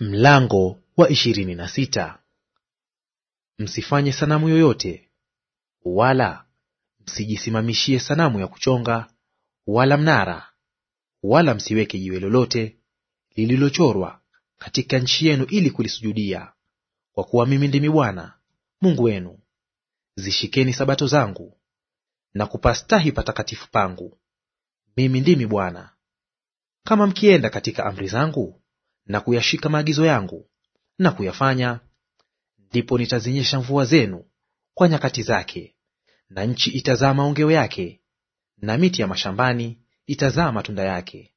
Mlango wa ishirini na sita. Msifanye sanamu yoyote, wala msijisimamishie sanamu ya kuchonga, wala mnara, wala msiweke jiwe lolote lililochorwa katika nchi yenu ili kulisujudia, kwa kuwa mimi ndimi Bwana Mungu wenu. Zishikeni sabato zangu na kupastahi patakatifu pangu. Mimi ndimi Bwana. Kama mkienda katika amri zangu na kuyashika maagizo yangu na kuyafanya, ndipo nitazinyesha mvua zenu kwa nyakati zake, na nchi itazaa maongeo yake, na miti ya mashambani itazaa matunda yake.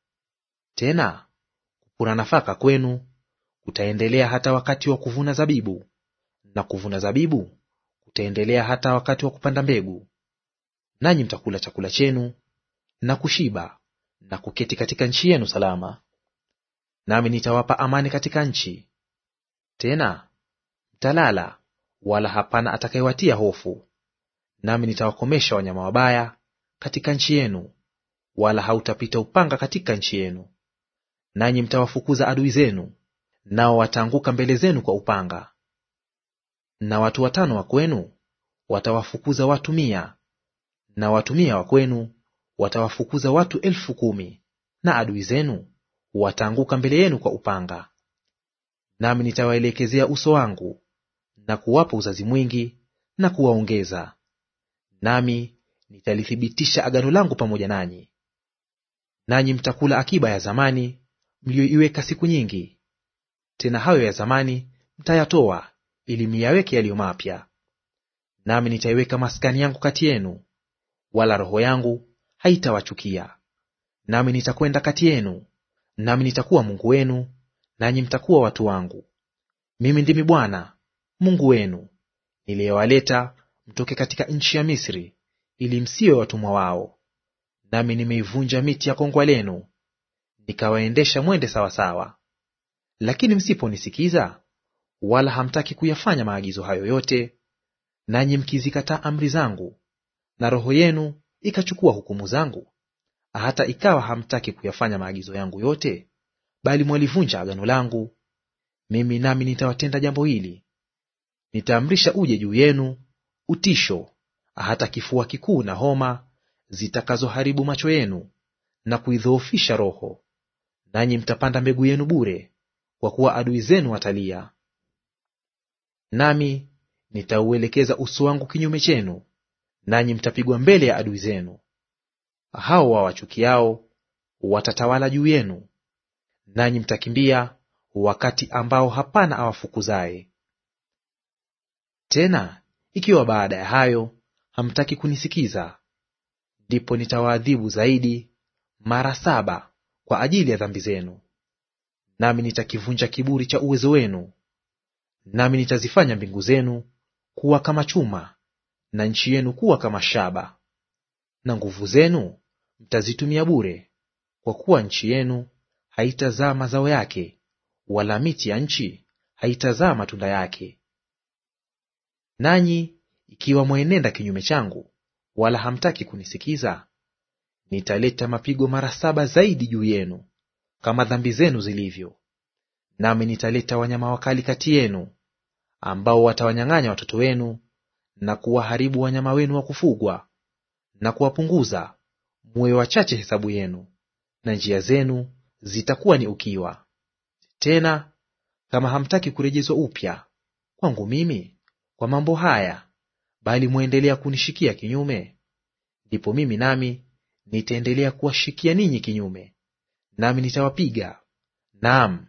Tena kupura nafaka kwenu kutaendelea hata wakati wa kuvuna zabibu, na kuvuna zabibu kutaendelea hata wakati wa kupanda mbegu. Nanyi mtakula chakula chenu na kushiba na kuketi katika nchi yenu salama nami nitawapa amani katika nchi. Tena mtalala, wala hapana atakayewatia hofu. Nami nitawakomesha wanyama wabaya katika nchi yenu, wala hautapita upanga katika nchi yenu. Nanyi mtawafukuza adui zenu, nao wataanguka mbele zenu kwa upanga. Na watu watano wa kwenu watawafukuza watu mia, na watu mia wa kwenu watawafukuza watu elfu kumi. Na adui zenu wataanguka mbele yenu kwa upanga. Nami nitawaelekezea uso wangu na kuwapa uzazi mwingi na kuwaongeza, nami nitalithibitisha agano langu pamoja nanyi, nanyi mtakula akiba ya zamani mliyoiweka siku nyingi; tena hayo ya zamani mtayatoa ili miyaweke yaliyo mapya. Nami nitaiweka maskani yangu kati yenu, wala Roho yangu haitawachukia. Nami nitakwenda kati yenu Nami nitakuwa Mungu wenu, nanyi mtakuwa watu wangu. Mimi ndimi Bwana Mungu wenu niliyewaleta mtoke katika nchi ya Misri, ili msiwe watumwa wao. Nami nimeivunja miti ya kongwa lenu, nikawaendesha mwende sawasawa. Lakini msiponisikiza wala hamtaki kuyafanya maagizo hayo yote, nanyi mkizikataa amri zangu, na roho yenu ikachukua hukumu zangu, hata ikawa hamtaki kuyafanya maagizo yangu yote, bali mwalivunja agano langu, mimi nami nitawatenda jambo hili; nitaamrisha uje juu yenu utisho, hata kifua kikuu na homa zitakazoharibu macho yenu na kuidhoofisha roho, nanyi mtapanda mbegu yenu bure, kwa kuwa adui zenu watalia. Nami nitauelekeza uso wangu kinyume chenu, nanyi mtapigwa mbele ya adui zenu hao wawachukiao watatawala juu yenu, nanyi mtakimbia wakati ambao hapana awafukuzaye. Tena ikiwa baada ya hayo hamtaki kunisikiza, ndipo nitawaadhibu zaidi mara saba kwa ajili ya dhambi zenu, nami nitakivunja kiburi cha uwezo wenu, nami nitazifanya mbingu zenu kuwa kama chuma na nchi yenu kuwa kama shaba, na nguvu zenu mtazitumia bure, kwa kuwa nchi yenu haitazaa mazao yake, wala miti ya nchi haitazaa matunda yake. Nanyi ikiwa mwenenda kinyume changu, wala hamtaki kunisikiza, nitaleta mapigo mara saba zaidi juu yenu, kama dhambi zenu zilivyo. Nami nitaleta wanyama wakali kati yenu, ambao watawanyang'anya watoto wenu na kuwaharibu wanyama wenu wa kufugwa na kuwapunguza muwe wachache hesabu yenu, na njia zenu zitakuwa ni ukiwa. Tena kama hamtaki kurejezwa upya kwangu mimi kwa mambo haya, bali mwaendelea kunishikia kinyume, ndipo mimi nami nitaendelea kuwashikia ninyi kinyume, nami nitawapiga, naam,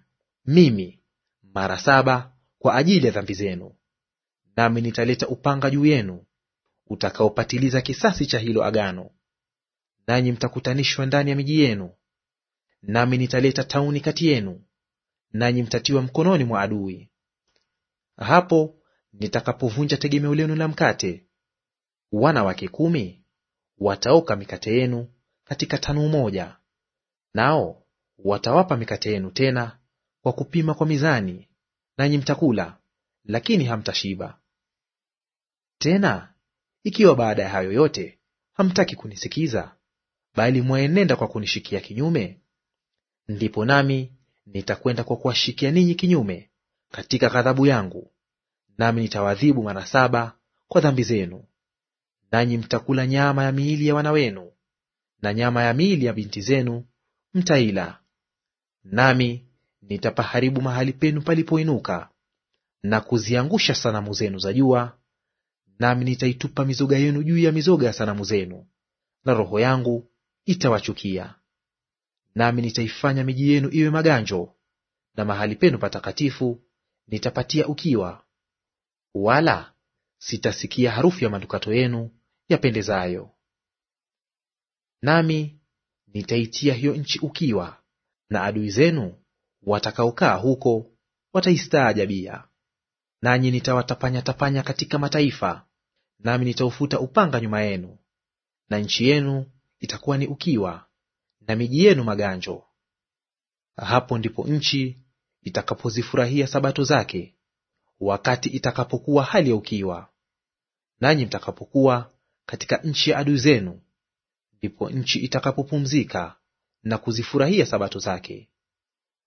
mimi mara saba kwa ajili ya dhambi zenu. Nami nitaleta upanga juu yenu utakaopatiliza kisasi cha hilo agano nanyi mtakutanishwa ndani ya miji yenu, nami nitaleta tauni kati yenu, nanyi mtatiwa mkononi mwa adui. Hapo nitakapovunja tegemeo lenu la mkate, wanawake kumi wataoka mikate yenu katika tanuu moja, nao watawapa mikate yenu tena kwa kupima kwa mizani, nanyi mtakula, lakini hamtashiba. Tena ikiwa baada ya hayo yote hamtaki kunisikiza, bali mwaenenda kwa kunishikia kinyume, ndipo nami nitakwenda kwa kuwashikia ninyi kinyume katika ghadhabu yangu, nami nitawadhibu mara saba kwa dhambi zenu. Nanyi mtakula nyama ya miili ya wana wenu na nyama ya miili ya binti zenu mtaila, nami nitapaharibu mahali penu palipoinuka na kuziangusha sanamu zenu za jua, nami nitaitupa mizoga yenu juu ya mizoga ya sanamu zenu, na roho yangu itawachukia. Nami nitaifanya miji yenu iwe maganjo, na mahali penu patakatifu nitapatia ukiwa, wala sitasikia harufu ya manukato yenu yapendezayo. Nami nitaitia hiyo nchi ukiwa, na adui zenu watakaokaa huko wataistaajabia. Nanyi nitawatapanya-tapanya katika mataifa, nami nitaufuta upanga nyuma yenu, na nchi yenu itakuwa ni ukiwa, na miji yenu maganjo. Hapo ndipo nchi itakapozifurahia sabato zake, wakati itakapokuwa hali ya ukiwa. Nanyi mtakapokuwa katika nchi ya adui zenu, ndipo nchi itakapopumzika na kuzifurahia sabato zake.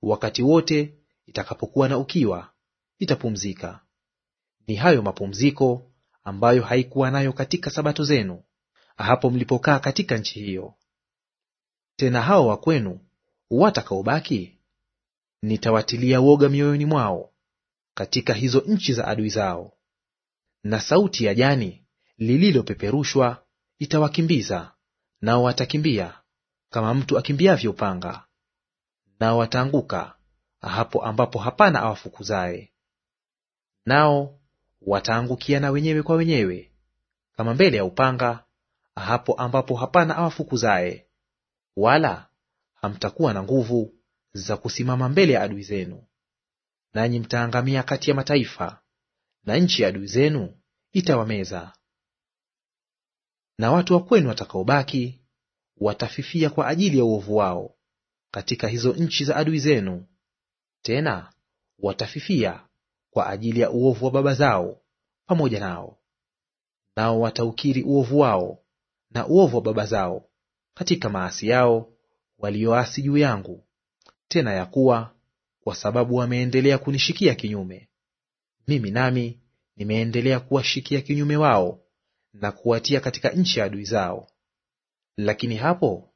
Wakati wote itakapokuwa na ukiwa, itapumzika. Ni hayo mapumziko ambayo haikuwa nayo katika sabato zenu, hapo mlipokaa katika nchi hiyo. Tena hao wa kwenu watakaobaki nitawatilia woga mioyoni mwao katika hizo nchi za adui zao, na sauti ya jani lililopeperushwa itawakimbiza, nao watakimbia kama mtu akimbiavyo upanga, nao wataanguka hapo ambapo hapana awafukuzaye. Nao wataangukia na wenyewe kwa wenyewe kama mbele ya upanga hapo ambapo hapana awafukuzaye, wala hamtakuwa na nguvu za kusimama mbele ya adui zenu. Nanyi mtaangamia kati ya mataifa, na nchi ya adui zenu itawameza. Na watu wa kwenu watakaobaki watafifia kwa ajili ya uovu wao katika hizo nchi za adui zenu, tena watafifia kwa ajili ya uovu wa baba zao pamoja nao, nao wataukiri uovu wao na uovu wa baba zao katika maasi yao walioasi juu yangu, tena ya kuwa kwa sababu wameendelea kunishikia kinyume, mimi nami nimeendelea kuwashikia kinyume wao na kuwatia katika nchi ya adui zao. Lakini hapo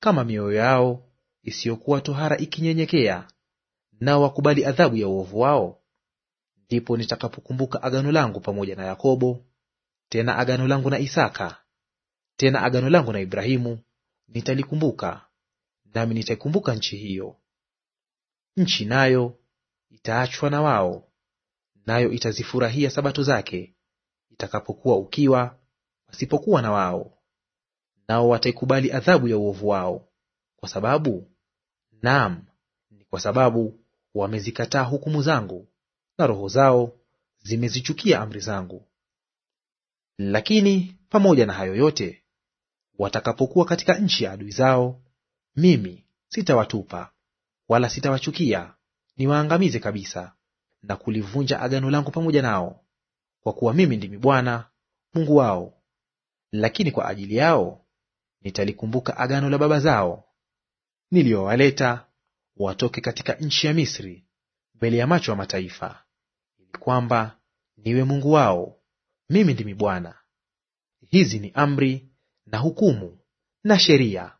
kama mioyo yao isiyokuwa tohara ikinyenyekea, nao wakubali adhabu ya uovu wao, ndipo nitakapokumbuka agano langu pamoja na Yakobo, tena agano langu na Isaka, tena agano langu na Ibrahimu nitalikumbuka, nami nitaikumbuka nchi hiyo. Nchi nayo itaachwa na wao, nayo itazifurahia sabato zake, itakapokuwa ukiwa, pasipokuwa na wao. Nao wataikubali adhabu ya uovu wao, kwa sababu naam, ni kwa sababu wamezikataa hukumu zangu, na roho zao zimezichukia amri zangu. Lakini pamoja na hayo yote Watakapokuwa katika nchi ya adui zao, mimi sitawatupa wala sitawachukia, niwaangamize kabisa, na kulivunja agano langu pamoja nao, kwa kuwa mimi ndimi Bwana Mungu wao. Lakini kwa ajili yao nitalikumbuka agano la baba zao niliyowaleta watoke katika nchi ya Misri mbele ya macho ya mataifa, ili kwamba niwe Mungu wao. Mimi ndimi Bwana. Hizi ni amri na hukumu na sheria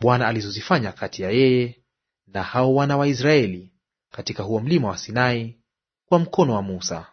Bwana alizozifanya kati ya yeye na hao wana wa Israeli katika huo mlima wa Sinai kwa mkono wa Musa.